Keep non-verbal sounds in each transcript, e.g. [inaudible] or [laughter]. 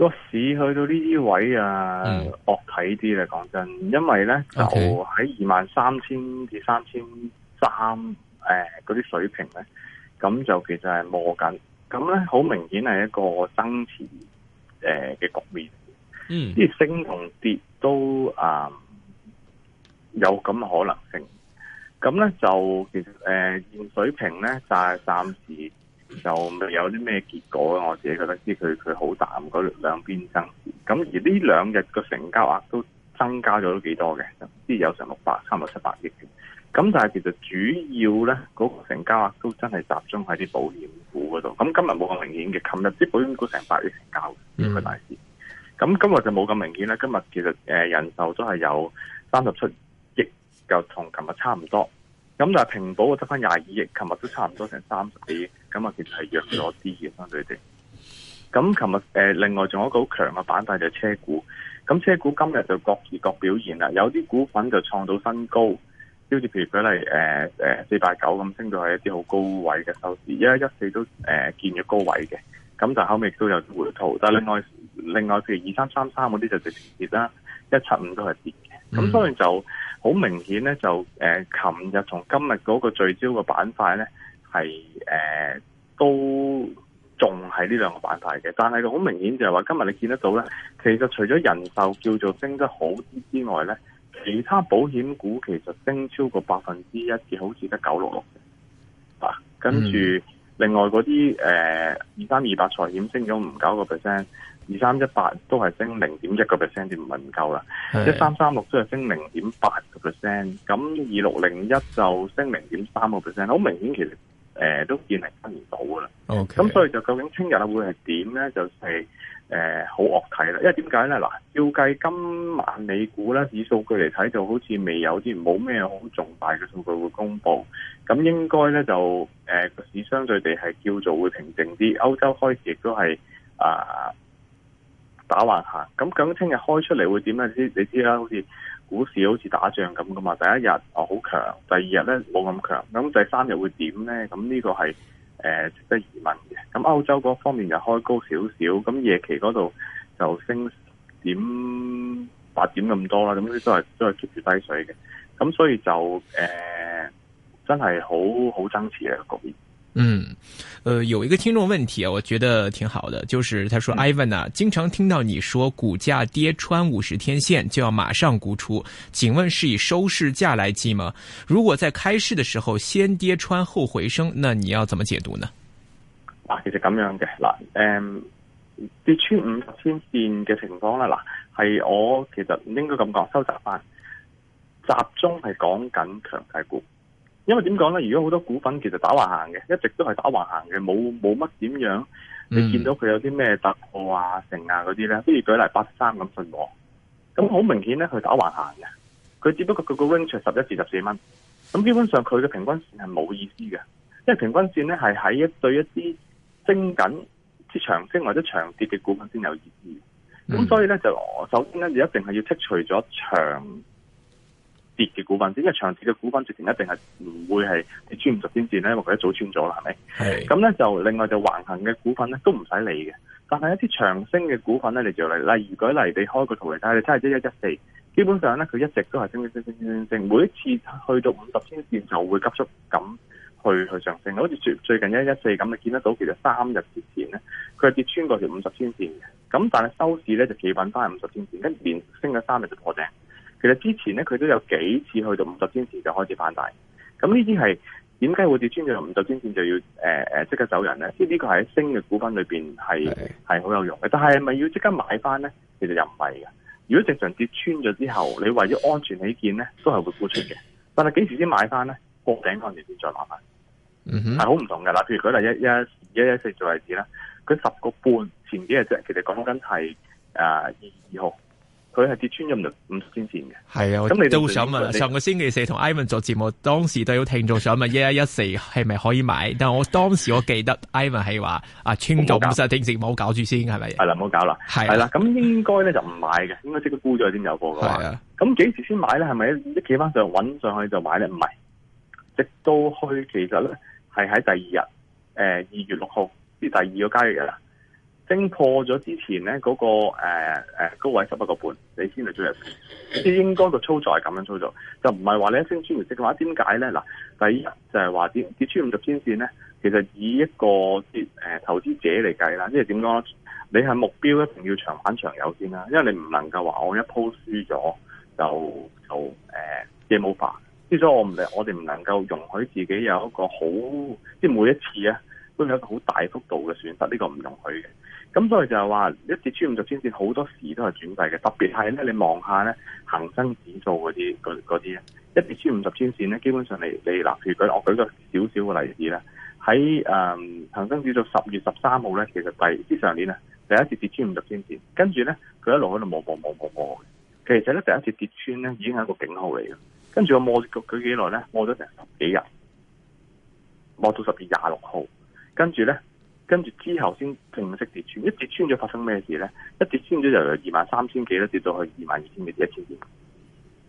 個市去到呢啲位啊，惡睇啲咧，講真，因為咧 Okay. 就喺二萬三千至三千三誒嗰啲水平咧，咁、嗯、就其實係磨緊，咁咧好明顯係一個增持誒嘅局面，嗯，啲升同跌都啊有咁可能性，咁咧就其實誒現水平咧就係暫時。就有啲咩結果我自己覺得知佢佢好淡，嗰兩邊爭咁，而呢兩日個成交額都增加咗都幾多嘅，知有成六百三十七百億嘅。咁但係其實主要咧，嗰、嗰個成交額都真係集中喺啲保險股嗰度。咁今日冇咁明顯嘅，琴日啲保險股成百億成交，嘅大市咁今日就冇咁明顯啦。今日其實誒人壽都係有三十七億，又同琴日差唔多。咁但係平保我得翻廿二億，琴日都差唔多成三十幾。咁啊，嗯、其實係弱咗啲嘅，相對地。咁琴日誒，另外仲有一個好強嘅板塊就係車股。咁車股今日就各自各表現啦，有啲股份就創到新高，好似譬如舉例誒誒四百九咁，呃呃、升到係一啲好高位嘅收市，一一四都誒、呃、見咗高位嘅。咁就後面都有回吐，嗯、但係另外另外譬如二三三三嗰啲就直接跌啦，一七五都係跌嘅。咁所以就好明顯咧，就誒琴日同今日嗰個聚焦嘅板塊咧。係誒、呃，都仲係呢兩個板塊嘅，但係好明顯就係話，今日你見得到咧，其實除咗人壽叫做升得好啲之外咧，其他保險股其實升超過百分之一嘅，好似得九六六。嗱，嗯、跟住另外嗰啲誒二三二八財險升咗唔夠個 percent，二三一八都係升零點一個 percent，就唔係唔夠啦，一三三六都係升零點八個 percent，咁二六零一就升零點三個 percent，好明顯其實。誒、呃，都見嚟，分唔到噶啦。咁 Okay. 所以就究竟聽日會係點咧？就係、是、誒，好惡睇啦。因為點解咧？嗱，照計今晚美股咧，以數據嚟睇，就好似未有啲冇咩好重大嘅數據會公布。咁應該咧就誒，個、呃、市相對地係叫做會平靜啲。歐洲開始亦都係啊打橫行。咁究竟聽日開出嚟會點咧？你知啦，好似。股市好似打仗咁噶嘛，第一日哦好強，第二日咧冇咁強，咁第三日會點咧？咁呢個係誒值得疑問嘅。咁、呃、歐洲嗰方面就開高少少，咁夜期嗰度就升點八點咁多啦，咁都都係都係 keep 住低水嘅。咁所以就誒、呃、真係好好爭持嘅局面。嗯，呃，有一個聽眾問題啊，我覺得挺好的，就是他說、嗯、，Ivan 啊，經常聽到你說股價跌穿五十天線就要馬上沽出，請問是以收市價來計嗎？如果在開市的時候先跌穿後回升，那你要怎麼解讀呢？其實咁樣嘅，嗱，誒、呃，跌穿五十天線嘅情況呢？嗱，係我其實應該咁講，收集翻，集中係講緊強勢股。因為點講咧？如果好多股份其實打橫行嘅，一直都係打橫行嘅，冇冇乜點樣？你見到佢有啲咩突破啊、成啊嗰啲咧？不如舉例八十三咁信和，咁好明顯咧，佢打橫行嘅。佢只不過佢個 range 係十一至十四蚊，咁基本上佢嘅平均線係冇意思嘅。因為平均線咧係喺對一啲升緊、即長升或者長跌嘅股份先有意義。咁、嗯、所以咧就我首先咧一定係要剔除咗長跌嘅股份，只因為長跌嘅股，是股份，直情一定係唔會係跌穿五十天線咧，因為佢一早穿咗啦，係咪？係。咁咧就另外就橫行嘅股份咧都唔使理嘅，但係一啲長升嘅股份咧，你就嚟，例如舉例你開個圖嚟睇，是你睇下一一一四，基本上咧佢一直都係升升升升升升，每一次去到五十天線就會急速咁去去上升，好似最近一一四咁，你見得到其實三日之前咧，佢係跌穿過條五十天線嘅，咁但係收市咧就企穩翻五十天線，跟住連升咗三日就破頂。其實之前咧，佢都有幾次去到五十天線就開始反大，咁呢啲係點解會跌穿咗五十天線就要誒、呃，即刻走人咧？即呢個喺升嘅股份裏面係係好有用嘅，但係咪要即刻買翻咧？其實又唔係嘅。如果正常跌穿咗之後，你為咗安全起見咧，都係會沽出嘅。但係幾時先買翻咧？國頂嗰陣先再買翻。嗯，係好唔同㗎啦。譬如舉例一一一一四做例子啦，佢十個半前幾日啫，其實講緊係誒二二號。佢係跌穿咗五十天線嘅，係啊，咁你都想問上個星期四同 Ivan 做節目， [laughs] 當時都有聽眾想問一一一四係咪可以買？ [laughs] 但係我當時我記得 Ivan 係話啊，穿咗五十天線冇搞住先，係咪？係啦的，冇的搞啦，係啦的。咁的應該咧就唔買嘅，應該即刻沽咗先有貨嘅。咁幾的時先買咧？係咪一企翻上搵上去就買咧？唔係，直到去其實咧係喺第二日、呃、2月6日，誒二月六號第二個交易日啦。升破咗之前咧嗰、那個誒、呃、高位十一個半，你先嚟追入嚟，即係應該個操作係咁樣操作，就唔係話你一升穿五十嘅話點解咧？嗱，第一就係話跌跌穿五十天線咧，其實以一個啲誒、呃、投資者嚟計啦，因為點講咧，你係目標一定要長玩長有先啦，因為你唔能夠話我一鋪輸咗就就誒亦冇法，之、呃、所以我唔理，我哋唔能夠容許自己有一個好即係每一次咧都有一個好大幅度嘅損失，呢、這個唔容許嘅。咁所以就係話一跌穿五十天線，好多時都係轉勢嘅。特別係咧，你望下咧，恒生指數嗰啲啲咧，一跌穿五十天線咧，基本上你你，嗱，譬如舉我舉個少少嘅例子咧，喺誒恒生指數十月十三號咧，其實第即上年啊，第一次跌穿五十天線，跟住咧佢一路喺度摸摸摸摸摸嘅。其實咧，第一次跌穿咧，已經係一個警號嚟嘅。跟住我摸佢幾耐咧，摸咗成十幾日，摸到十月廿六號，跟住咧。跟住之後先正式跌穿，一跌穿咗發生咩事咧？一跌穿咗由二萬三千幾咧跌到去二萬二千幾、一千幾，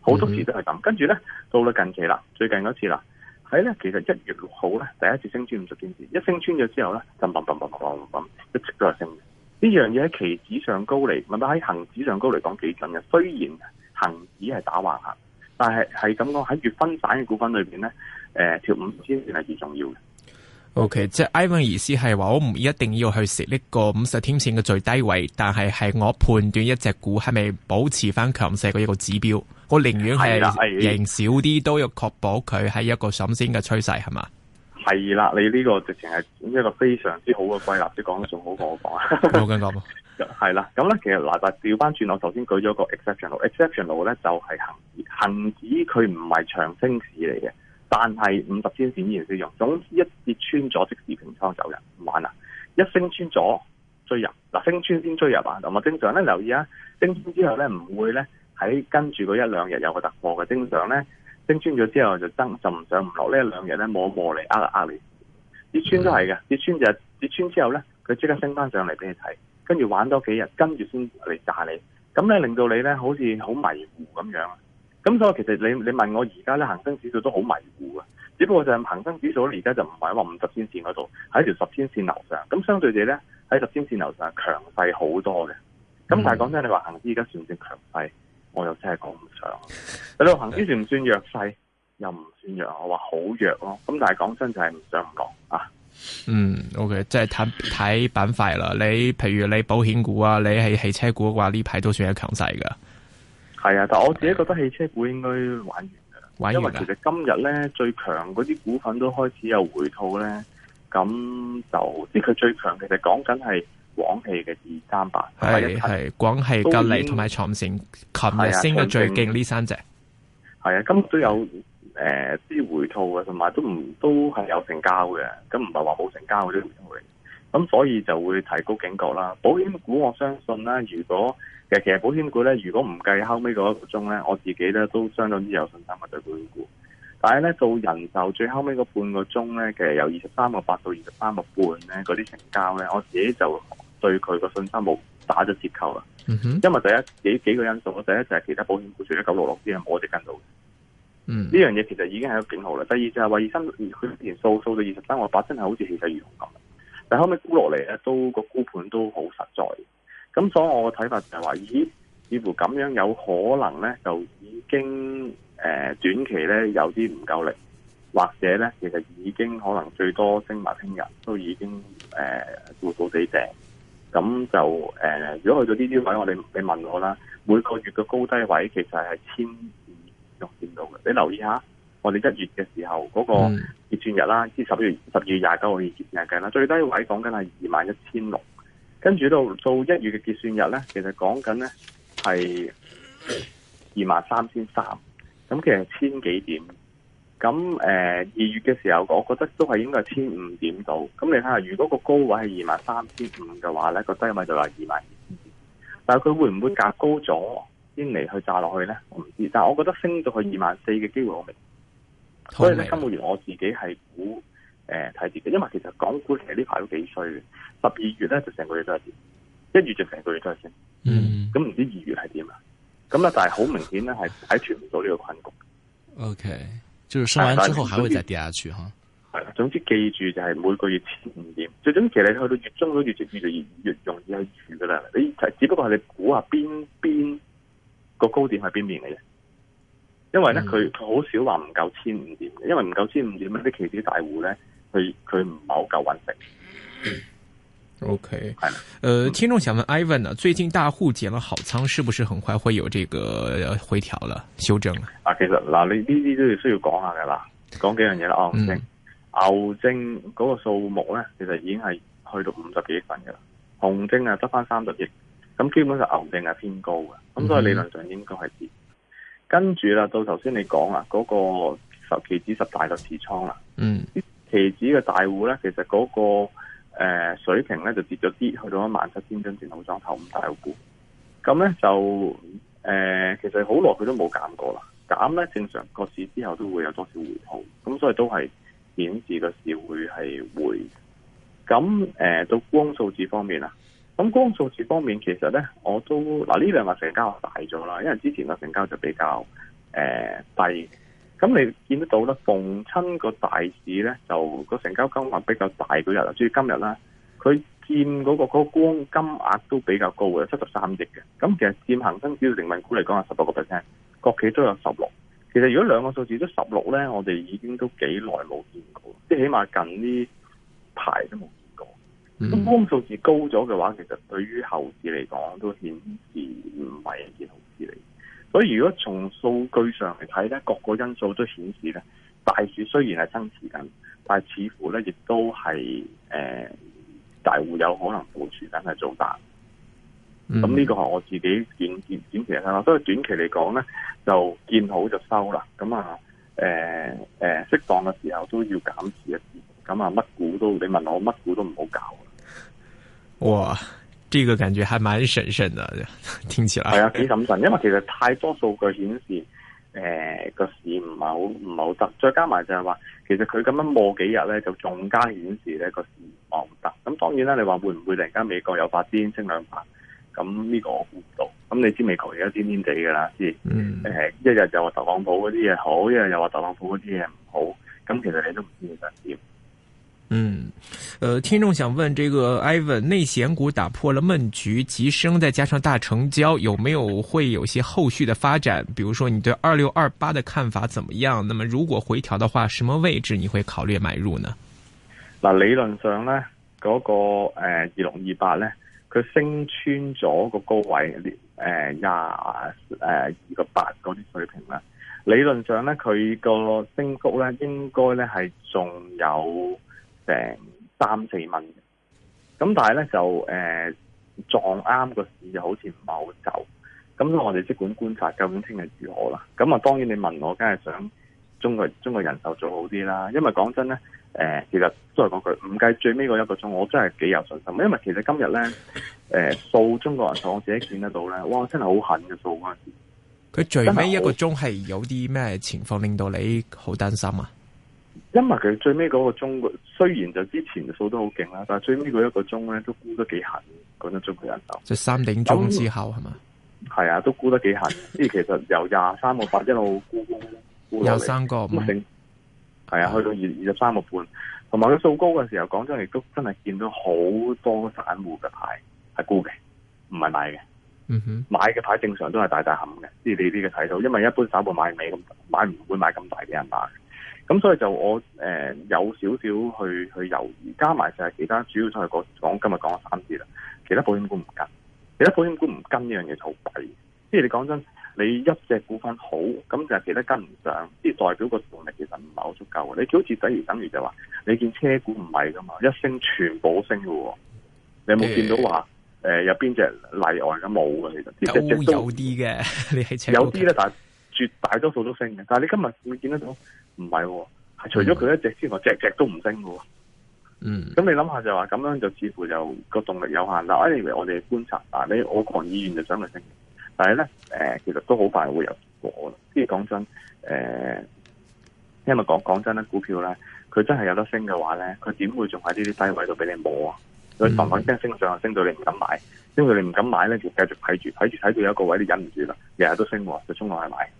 好多時都係咁。跟住咧到咗近期啦，最近嗰次啦，喺咧其實一月六號咧第一次升穿五十天線。一升穿咗之後咧就嘣嘣嘣嘣嘣嘣一直都係升嘅。呢樣嘢喺期指上高嚟，問到喺恒指上高嚟講幾準嘅？雖然恒指係打橫行，但係係咁講喺月分散嘅股份裏面咧，誒條五千線係最重要嘅。OK，即係 Ivan 意思係話，我唔一定要去食呢個五十天線嘅最低位，但係係我判斷一隻股係咪保持翻強勢嘅一個指標，我寧願係贏少啲，都要確保佢係一個上升嘅趨勢，係嘛？係啦，你呢個直情係一個非常之好嘅歸納，即係講得仲好過我講啊。冇咁講，係啦，咁咧其實嗱，但係調翻轉，我頭先舉咗個 exceptional，exceptional 咧就係恒指，恒指佢唔係長升市嚟嘅。但係五十天線依然用，總之一跌穿咗，即時平倉走人，唔玩啦。一升穿咗追入，嗱升穿先追入啊！同埋正常咧留意啊，升穿之後咧唔會咧喺跟住嗰一兩日有個突破嘅，正常咧升穿咗之後就登，就唔上唔落呢一兩日咧摸磨嚟，呃呃你，跌穿都係嘅，跌穿就跌穿之後咧佢即刻升翻上嚟俾你睇，跟住玩多幾日，跟住先嚟炸你，咁咧令到你咧好似好迷糊咁樣。咁、嗯、所以其實你你問我而家咧恒生指數都好迷糊啊，只不過就係恒生指數而家就唔係話五十天線嗰度，喺條十天線樓上。咁相對地咧喺十天線樓上強勢好多嘅。咁但係講真，你話恒指而家算唔算強勢？我又真係講唔上。嗯、你話恒指算唔算弱勢？又唔算弱，我話好弱咯。咁但係講真就係唔想講啊。嗯，OK，即係睇睇板塊啦。你譬如你保險股啊，你喺汽車股嘅話，呢排都算係強勢噶。係啊，但我自己覺得汽車股應該玩完㗎喇，玩完，因為其實今日咧最強嗰啲股份都開始有回吐咧，咁就即係佢最強其實講緊係廣汽嘅二三八，係係廣汽吉利同埋長城琴日升得最勁呢三隻，係啊，今省、啊、都有誒啲、呃、回吐啊，同埋都唔都係有成交嘅，咁唔係話冇成交嘅。咁所以就會提高警覺啦。保險股，我相信啦。如果其實保險股咧，如果唔計後尾嗰一個鐘咧，我自己咧都相當之有信心嘅、啊、對保險股。但係咧到人壽最後尾嗰半個鐘咧，其實由二十三個八到二十三個半咧，嗰啲成交咧，我自己就對佢個信心冇打咗折扣啦。哼、mm。Hmm. 因為第一幾幾個因素，第一就係其他保險股除咗九六六之外，冇一隻跟到的。嗯、mm。呢、hmm. 樣嘢其實已經係一個警號啦。第二就係話二三，佢之前掃到二十三個八，真係好似氣勢如虹咁。但後尾估落嚟咧，都、個估盤都好實在，咁所以我嘅睇法就係、是、話，咦，似乎咁樣有可能咧，就已經誒、呃、短期咧有啲唔夠力，或者咧其實已經可能最多升埋聽日，都已經誒步步死頂，咁、呃、就誒、呃、如果去到呢啲位，我哋你問我啦，每個月嘅高低位其實係千二用見到嘅，你留意下。我哋一月嘅時候嗰個結算日啦，即係十、mm. 月十月廿九號結算日嘅啦，最低位講緊係二萬一千六，跟住到到一月嘅結算日咧，其實講緊咧係二萬三千三，咁其實千幾點？咁誒二月嘅時候，我覺得都係應該係千五點度。咁你睇下，如果個高位係二萬三千五嘅話咧，個低位就係二萬二。但係佢會唔會價高咗先嚟去炸落去咧？我唔知。但係我覺得升到去二萬四嘅機會，我明。所以咧，今個月我自己係估誒睇跌嘅，因為其實港股其實呢排都幾衰嘅。十二月咧就成個月都係跌，一月就成個月都係升。嗯，嗯，咁唔知二月係點啊？咁咧但係好明顯咧係擺脱唔到呢個困局。O、okay, K，就是升完之後還會再跌下去哈。係啦之，總之記住就係每個月千五點。最終其實你去到月中嗰個月就越嚟越越容易係住噶啦。你只只不過係你估下邊邊個高點係邊邊嘅啫。因為咧，佢佢好少話唔夠千五點，因為唔夠千五點咧，啲期指大戶咧，佢佢唔係好夠穩陣。O K，係，誒、嗯，聽眾想問 Ivan 啊，最近大戶減咗好倉，是不是很快會有這個回調了、修正？啊，其實嗱、啊，你呢啲都要需要講下嘅啦。講幾樣嘢啦、嗯，牛證、牛證嗰個數目咧，其實已經係去到五十幾億份噶啦，熊證啊得返三十億，咁基本上牛證係偏高嘅，咁、嗯、哼所以理論上應該係跌。跟住啦，到頭先你講啦嗰個十期指十大嘅持倉啦，嗯，啲期指嘅大戶咧，其實嗰、那個誒、呃、水平咧就跌咗啲，去到一萬七千張前頭倉頭五大股，咁咧就誒、呃，其實好耐佢都冇減過啦，減咧正常個市之後都會有多少回吐，咁所以都係顯示個市會係會，咁誒、呃、到光數字方面啊。咁光數字方面，其實咧我都嗱呢兩個成交大咗啦，因為之前個成交就比較誒、呃、低。咁你見得到咧，逢親個大市咧，就個成交金額比較大嗰日啦，至於今日啦，佢佔嗰、嗰個嗰、嗰個、光金額都比較高嘅，七十三億嘅。咁其實佔恒生指數成分股嚟講係十六個 percent，國企都有十六。其實如果兩個數字都十六咧，我哋已經都幾耐冇見過，即係起碼近呢排都冇。咁光數字高咗嘅話，其實對於後市嚟講都顯示唔係一件好事嚟。所以如果從數據上嚟睇咧，各個因素都顯示咧，大市雖然係增持緊，但係似乎咧亦都係誒大戶有可能部署緊係做大。咁呢個係我自己見見短期嚟睇咯。所以短期嚟講咧，就見好就收啦。咁啊誒誒適當嘅時候都要減持一啲。咁啊乜股都你問我乜股都唔好搞。哇，呢、這個感覺還蠻審慎的，聽起來係啊，幾感神，神。因為其實太多數據顯示，誒、呃、個市唔係好唔係好得，再加埋就係話，其實佢咁樣磨幾日咧，就仲加顯示呢個市望唔得。咁當然啦，你話會唔會突然間美國有發癲升兩百？咁、這、呢個我估唔到。咁你知美國而家癲癲哋噶啦，知誒、嗯、一日就話特朗普嗰啲嘢好，一日又話特朗普嗰啲嘢唔好。咁其實你都唔知佢想點。嗯，呃，聽眾想問這個 Ivan，內險股打破了悶局，急升，再加上大成交，有沒有會有些後續的發展？比如說，你對二六二八的看法怎麼樣？那麼，如果回調的話，什麼位置你會考慮買入呢？嗱、那個呃呃，理論上呢，嗰個誒二六二八呢，佢升穿咗個高位誒廿誒二個八嗰啲水平啦。理論上呢，佢個升幅呢，應該呢係仲有。成三四蚊咁但係咧，就誒撞啱個市，就、呃、好似唔係好走，咁我哋即管觀察，究竟聽日如何啦？咁啊，當然你問我，梗係想中國中國人壽做好啲啦。因為講真咧，誒、呃，其實都係講句，唔計最尾嗰一個鐘，我真係幾有信心。因為其實今日咧，誒、呃，掃中國人壽，我自己見得到咧，哇，我真係好狠嘅掃嗰陣時。佢最尾一個鐘係有啲咩情況令到你好擔心啊？今日因為佢最尾嗰個鐘，雖然就之前嘅數都好勁啦，但係最尾嗰一個鐘咧都沽得幾狠，講緊中國人壽。即係三點鐘之後係嘛？係啊、嗯嗎，都沽得幾狠。即係 [laughs] 其實由廿三個八一路沽沽沽落嚟，廿三個咩？係啊，去到二二十三個半，同埋佢數高嘅時候，講真亦都真係見到好多散戶嘅牌係沽嘅，唔係買嘅。嗯哼，買嘅牌正常都係大大冚嘅，即係你呢個睇到，因為一般散戶買尾咁買唔會買咁大嘅人買的。咁所以就我誒、呃、有少少去去猶豫，加埋就係其他，主要都係講今日講咗三次啦，其他保險股唔跟，其他保險股唔跟呢樣嘢好弊。即係你講真，你一隻股份好，咁就係其他跟唔上，即係代表個動力其實唔係好足夠。你好似等於等於就話，你見車股唔係噶嘛，一升全部都升噶，你有冇見到話誒、欸呃、有邊隻例外噶冇噶？其實，有的其實都有啲嘅，你係有啲咧，但係絕大多數都升嘅。但係你今日會見得到？唔係，係、哦、除咗佢一隻、嗯、隻之外，隻隻都唔升喎。嗯，咁你諗下就話咁樣就似乎就個動力有限啦。我以為我哋觀察，嗱，你我狂意願就想佢升，但係咧，誒、呃，其實都好快會有果。即係講真，誒、呃，因為講講真咧，股票咧，佢真係有得升嘅話咧，佢點會仲喺呢啲低位度俾你摸啊？佢慢慢升，升上去升到你唔敢買，因為你唔敢買咧，就繼續睇住，睇住睇住有一個位你忍唔住啦，日日都升，就衝落去買。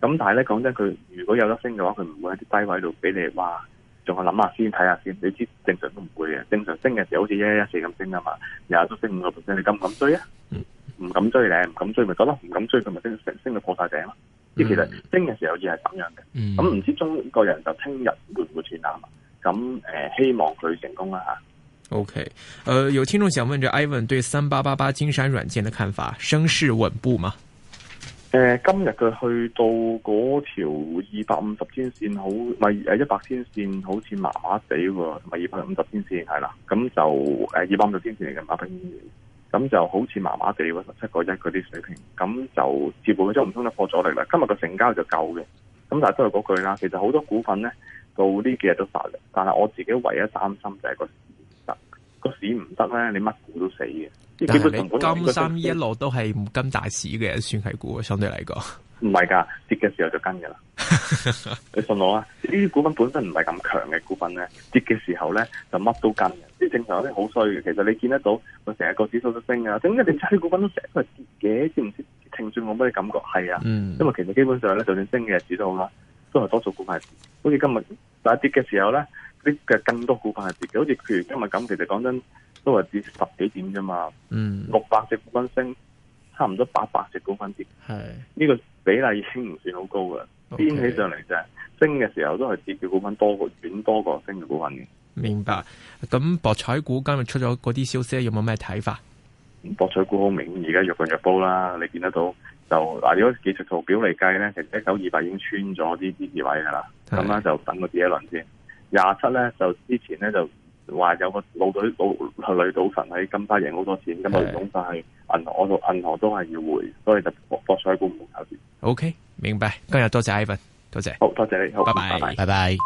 咁但係咧講真，佢如果有得升嘅話，佢唔會喺啲低位度俾你話仲可諗下先睇下先，先，先。你知正常都唔會嘅，正常升嘅時候好似一一一四咁升啊嘛，然後都升五個 percent 你敢唔敢追啊？唔敢追咧，唔敢追咪得咯，唔敢追佢咪升升到破晒頂咯。即其實升嘅時候好似係咁樣嘅。咁唔知中國人就聽日會唔會轉淡嘛咁誒，希望佢成功啦，啊，吓。OK，誒、呃，有聽眾想問住 Ivan 對三八八八金山軟件嘅看法，升勢穩步嗎？誒，今日佢去到嗰條二百五十天線好，唔係誒一百天線好似麻麻地喎，同埋二百五十天線係啦，咁就誒二百五十天線嚟嘅馬兵，咁就好似麻麻地喎，十七個一嗰啲水平，咁就接似乎將唔通都破咗嚟啦。今日嘅成交就夠嘅，咁但係都係嗰句啦，其實好多股份咧到呢幾日都發力，但係我自己唯一擔心就係個。都市唔得咧，你乜股都死嘅。基本上，但係你金三呢一路都係唔跟大市嘅，算係股相對嚟講。唔係噶，跌嘅時候就跟噶啦。 [laughs] 你信我啊！呢啲股份本身唔係咁強嘅股份咧，跌嘅時候咧就乜都跟。即正常有啲好衰嘅。其實你見得到我成日個指數都升啊，點解你差啲股份都成日都係跌嘅？知唔知聽住我冇咩感覺？係啊，嗯、因為其實基本上咧，就算升嘅日子都好啦，都係多數股份、就是，好似今日但係跌嘅時候咧。啲嘅更多股份係跌嘅，好似譬如今日咁，其實講真都係跌十幾點啫嘛。嗯，六百隻股份升，差唔多八百隻股份跌。係呢是個比例已經唔算好高嘅，編起 okay, 上嚟就係、是、升嘅時候都係跌嘅股份多過轉多過升嘅股份嘅。明白。咁博彩股今日出咗嗰啲消息，有冇咩睇法？博彩股好明顯，而家弱進弱煲啦。你見得到就嗱，如果技術圖表嚟計咧，其實一九二八已經穿咗啲支持位噶啦，咁咧是就等佢跌一輪先。廿七咧就之前咧就話有個老,老女老女賭神喺金巴贏好多錢咁日總就係銀行嗰度，銀行都係要回，所以就博彩公佈下先。O、okay, K，明白。今日多謝,謝 Ivan，多謝,謝，好多謝你，好，拜拜，拜拜。